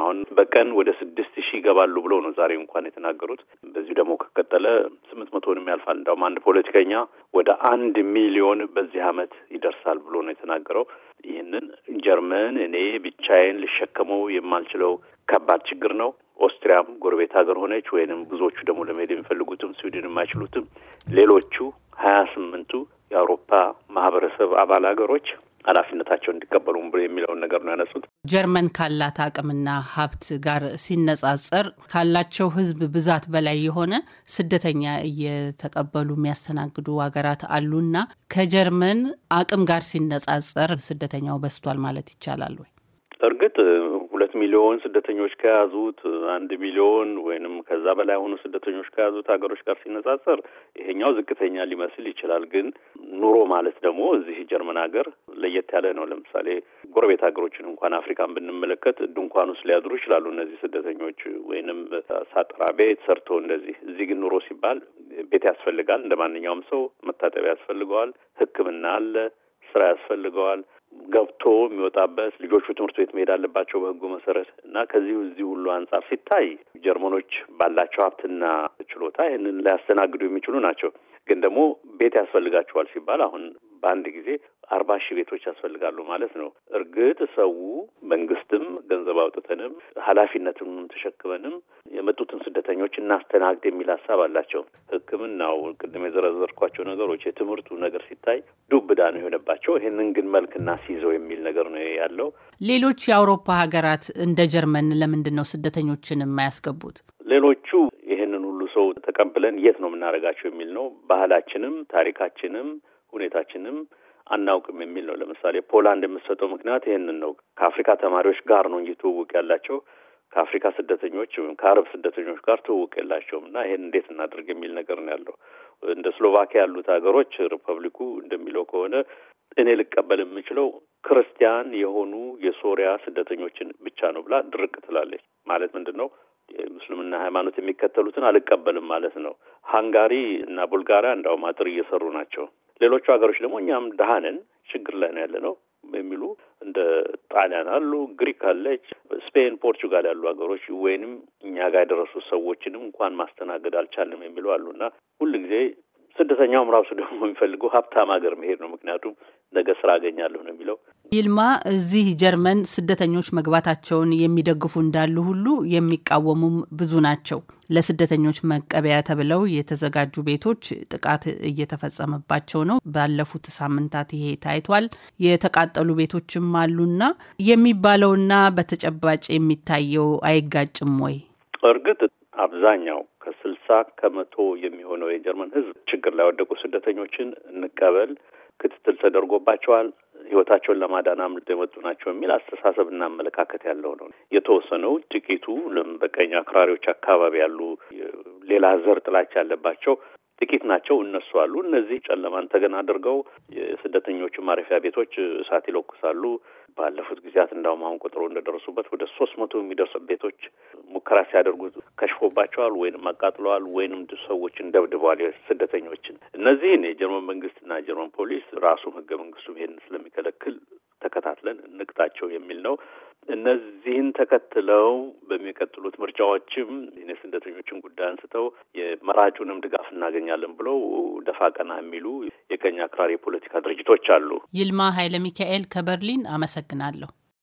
አሁን በቀን ወደ ስድስት ሺህ ይገባሉ ብሎ ነው ዛሬ እንኳን የተናገሩት። በዚሁ ደግሞ ከቀጠለ ስምንት መቶንም ያልፋል። እንዳውም አንድ ፖለቲከኛ ወደ አንድ ሚሊዮን በዚህ አመት ይደርሳል ብሎ ነው የተናገረው። ይህንን ጀርመን እኔ ብቻዬን ልሸከመው የማልችለው ከባድ ችግር ነው። ኦስትሪያም ጎረቤት ሀገር ሆነች፣ ወይንም ብዙዎቹ ደግሞ ለመሄድ የሚፈልጉትም ስዊድን የማይችሉትም ሌሎቹ ሀያ ስምንቱ የአውሮፓ ማህበረሰብ አባል ሀገሮች ኃላፊነታቸውን እንዲቀበሉ ብሎ የሚለውን ነገር ነው ያነሱት። ጀርመን ካላት አቅምና ሀብት ጋር ሲነጻጸር ካላቸው ሕዝብ ብዛት በላይ የሆነ ስደተኛ እየተቀበሉ የሚያስተናግዱ ሀገራት አሉና ከጀርመን አቅም ጋር ሲነጻጸር ስደተኛው በስቷል ማለት ይቻላል ወይ? እርግጥ ሁለት ሚሊዮን ስደተኞች ከያዙት አንድ ሚሊዮን ወይንም ከዛ በላይ የሆኑ ስደተኞች ከያዙት ሀገሮች ጋር ሲነጻጸር ይሄኛው ዝቅተኛ ሊመስል ይችላል። ግን ኑሮ ማለት ደግሞ እዚህ ጀርመን ሀገር ለየት ያለ ነው። ለምሳሌ ጎረቤት ሀገሮችን እንኳን አፍሪካን ብንመለከት ድንኳን ውስጥ ሊያድሩ ይችላሉ እነዚህ ስደተኞች ወይንም ሳጥራ ቤት ሰርቶ እንደዚህ። እዚህ ግን ኑሮ ሲባል ቤት ያስፈልጋል። እንደ ማንኛውም ሰው መታጠቢያ ያስፈልገዋል። ሕክምና አለ። ስራ ያስፈልገዋል። ገብቶ የሚወጣበት ልጆቹ ትምህርት ቤት መሄድ አለባቸው በህጉ መሰረት እና ከዚህ እዚህ ሁሉ አንጻር ሲታይ ጀርመኖች ባላቸው ሀብትና ችሎታ ይህንን ሊያስተናግዱ የሚችሉ ናቸው። ግን ደግሞ ቤት ያስፈልጋቸዋል ሲባል አሁን በአንድ ጊዜ አርባ ሺህ ቤቶች ያስፈልጋሉ ማለት ነው። እርግጥ ሰው መንግስትም ገንዘብ አውጥተንም ኃላፊነትም ተሸክመንም የመጡትን ስደተኞች እናስተናግድ የሚል ሀሳብ አላቸው። ሕክምናው ቅድም የዘረዘርኳቸው ነገሮች፣ የትምህርቱ ነገር ሲታይ ዱብ እዳ ነው የሆነባቸው። ይህንን ግን መልክ እናስይዘው የሚል ነገር ነው ያለው። ሌሎች የአውሮፓ ሀገራት እንደ ጀርመን ለምንድን ነው ስደተኞችን የማያስገቡት? ሌሎቹ ይህንን ሁሉ ሰው ተቀብለን የት ነው የምናደርጋቸው የሚል ነው። ባህላችንም ታሪካችንም ሁኔታችንም አናውቅም የሚል ነው። ለምሳሌ ፖላንድ የምትሰጠው ምክንያት ይህንን ነው። ከአፍሪካ ተማሪዎች ጋር ነው እንጂ ትውውቅ ያላቸው ከአፍሪካ ስደተኞች ወይም ከአረብ ስደተኞች ጋር ትውውቅ የላቸውም እና ይህን እንዴት እናደርግ የሚል ነገር ነው ያለው። እንደ ስሎቫኪያ ያሉት ሀገሮች ሪፐብሊኩ እንደሚለው ከሆነ እኔ ልቀበል የምችለው ክርስቲያን የሆኑ የሶሪያ ስደተኞችን ብቻ ነው ብላ ድርቅ ትላለች። ማለት ምንድን ነው? የሙስልምና ሃይማኖት የሚከተሉትን አልቀበልም ማለት ነው። ሃንጋሪ እና ቡልጋሪያ እንዳውም አጥር እየሰሩ ናቸው። ሌሎቹ ሀገሮች ደግሞ እኛም ድሀ ችግር ላይ ነው ያለ ነው የሚሉ እንደ ጣሊያን አሉ፣ ግሪክ አለች፣ ስፔን፣ ፖርቹጋል ያሉ ሀገሮች ወይንም እኛ ጋር የደረሱ ሰዎችንም እንኳን ማስተናገድ አልቻለም የሚሉ አሉ እና ሁሉ ጊዜ ስደተኛውም ራሱ ደግሞ የሚፈልገው ሀብታም ሀገር መሄድ ነው። ምክንያቱም ነገ ስራ አገኛለሁ ነው የሚለው። ይልማ እዚህ ጀርመን ስደተኞች መግባታቸውን የሚደግፉ እንዳሉ ሁሉ የሚቃወሙም ብዙ ናቸው። ለስደተኞች መቀበያ ተብለው የተዘጋጁ ቤቶች ጥቃት እየተፈጸመባቸው ነው። ባለፉት ሳምንታት ይሄ ታይቷል። የተቃጠሉ ቤቶችም አሉና የሚባለውና በተጨባጭ የሚታየው አይጋጭም ወይ? እርግጥ አብዛኛው ከስልሳ ከመቶ የሚሆነው የጀርመን ህዝብ ችግር ላይ ወደቁ ስደተኞችን እንቀበል ክትትል ተደርጎባቸዋል ህይወታቸውን ለማዳን አምልጦ የመጡ ናቸው የሚል አስተሳሰብና አመለካከት ያለው ነው። የተወሰነው ጥቂቱ በቀኝ አክራሪዎች አካባቢ ያሉ ሌላ ዘር ጥላቻ ያለባቸው ጥቂት ናቸው። እነሱ አሉ። እነዚህ ጨለማን ተገን አድርገው የስደተኞቹ ማረፊያ ቤቶች እሳት ይለኩሳሉ። ባለፉት ጊዜያት እንዳውም አሁን ቁጥሩ እንደደረሱበት ወደ ሶስት መቶ የሚደርስ ቤቶች ሙከራ ሲያደርጉ ከሽፎባቸዋል ወይንም አቃጥለዋል ወይንም ሰዎችን ደብድበዋል ስደተኞችን። እነዚህን የጀርመን መንግስትና የጀርመን ፖሊስ ራሱም ህገ መንግስቱም ይሄንን ስለሚከለክል ተከታትለን እንቅጣቸው የሚል ነው። እነዚህን ተከትለው በሚቀጥሉት ምርጫዎችም የስደተኞችን ጉዳይ አንስተው የመራጩንም ድጋፍ እናገኛለን ብለው ደፋ ቀና የሚሉ የቀኝ አክራሪ የፖለቲካ ድርጅቶች አሉ። ይልማ ኃይለ ሚካኤል ከበርሊን አመሰግናለሁ።